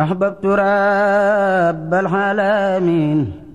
أحببت رب العالمين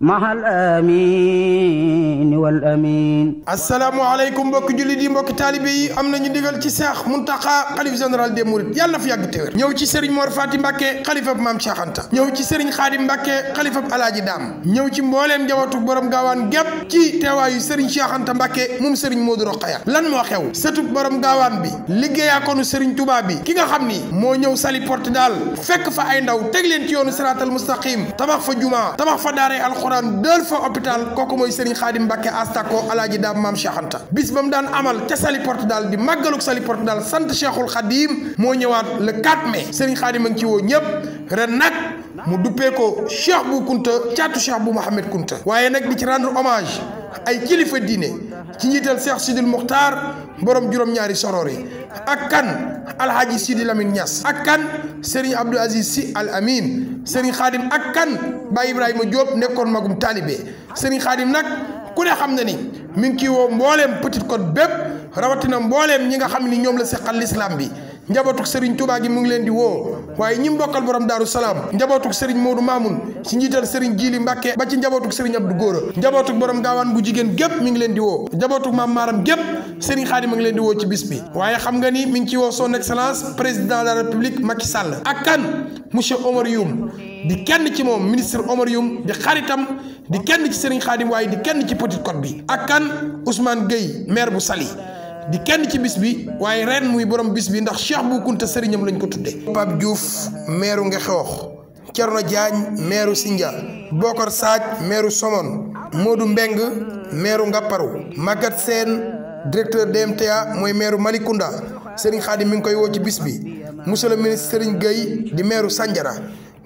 mahal amiin wal amiin. asalaamualeykum mbokki jullit yi mbokki taalibe yi am na ñu digal ci seex Muntaxa xalif général des Mourides yàlla na fi yàgg téwér ñëw ci sëriñ Mor Fati Mbàkke xalifab maam Cheikh Anta ñëw ci sëriñ Xaadim Mbàkke xalifab alaaji daam ñëw ci mbooleem njabootu borom gaawaan gépp ci teewaayu sëriñ Cheikh Anta Mbàkke moom sëriñ Moodu Roqaya lan moo xew setu borom gaawaan bi liggéeyaakoonu sëriñ tubaab bi ki nga xam ni moo ñëw sali porte daal fekk fa ay ndaw teg leen ci yoonu siraatal mustaqim tabax fa jumaa fa daaree alxuraan deux fois hôpital kooku mooy Serigne Khadim Mbacke Astako alaaji daam maam Cheikh Anta bis ba mu daan amal ca Sali Portudal di màggaluk Sali Portudal sant Cheikhul Khadim moo ñëwaat la 4 mai Serigne Khadim a ngi ci woo ñëpp ren nag mu duppee ko cheikh bu Kunta caatu cheikh bu Mouhamed Kunta waaye nag di ci rend hommage ay kilifa diine ci njiital cheikh Sidil Muxtaar borom juróom-ñaari soroor yi ak kan alhaji Sidi Lamine Niass ak kan Serigne Abdou Aziz si Al Amin Serigne Khadim ak kan Baye Ibrahima Diop nekkoon magum taalibe Serigne Khadim nag ku ne xam na ni mi ngi ciy woo mbooleem Petite Côte bépp rawatina mbooleem ñi nga xam ni ñoom la seqal lislaam bi. njabootuk sëriñ Touba gi mu ngi leen di woo waaye ñi mbokkal borom daaru salaam njabootuk sëriñ Modou Mamoun si njiital sëriñ Jili Mbàkke ba ci njabootuk sëriñ Abdou Góora njabootuk borom gaawaan gu jigéen gépp mi ngi leen di woo njabootuk maam maaram gépp sëriñ Xaadim ngi leen di woo ci bis bi waaye xam nga ni mi ngi ci woo son excellence président de la république Macky Sall ak kan monsieur Omar di kenn ci moom ministre Omar di xaritam di kenn ci sëriñ Xaadim waaye di kenn ci Petite Côte bi ak kan Ousmane Gueye maire bu Saly di kenn ci bis bi waaye ren muy borom bis bi ndax Cheikh Bou Kounta sëriñam lañ ko tuddee. Pape Diouf meeru Ngexoox Thierno Diagne meeru Sindia Bokar Saaj meeru Somone Modou Mbeng meeru Ngapparu Maguette Sène directeur DMTA mooy meeru Malicounda Serigne Khadim mi ngi koy woo ci bis bi monsieur le ministre Serigne Gueye di meeru Sandiara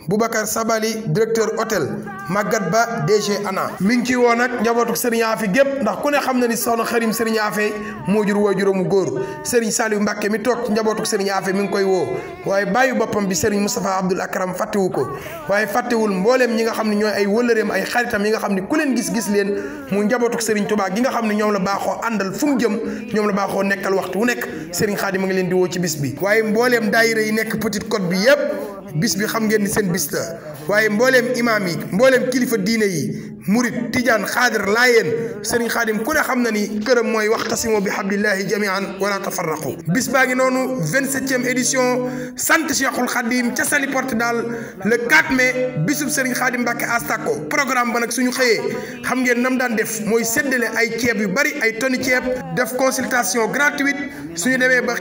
Boubacar Sabali directeur hôtel Maguette Ba DG ANA mi ngi ciy woo nag njabootu Serigne Afe gépp ndax ku ne xam na ni soxna xarim Serigne Afe moo jur wooy juróomu góor Serigne Saliou Mbacke mi toog ci njabootu Serigne Afe mi ngi koy woo waaye bàyyi boppam bi Serigne Moustapha Abdoul Akram fàttewu ko waaye fàttewul mbooleem ñi nga xam ne ñooy ay wëllëreem ay xaritam yi nga xam ne ku leen gis-gis leen mu njabootu Serigne Touba gi nga xam ne ñoom la baaxoo àndal fu mu jëm ñoom la baaxoo nekkal waxtu wu nekk Serigne Khadim ma ngi leen di woo ci bis bi waaye mbooleem daayira yi nekk Petite Côte bi yëpp bis bi xam ngeen ni seen bis la waaye mbooleem imaam yi mbooleem kilifa diine yi murit tijaan xaadir laayeen sëriñ xaadim ku ne xam na ni këram mooy waxtasimu bi hablillahi jamian wala tafarraqu bis baa ngi noonu vingt-septième édition sant cheikhul xadim ca sali porte daal le 4 mai bisub sëriñ xaadim mbàkke astako programme ba nag suñu xëyee xam ngeen nam daan def mooy séddale ay ceeb yu bari ay toni ceeb def consultation gratuite suñu demee ba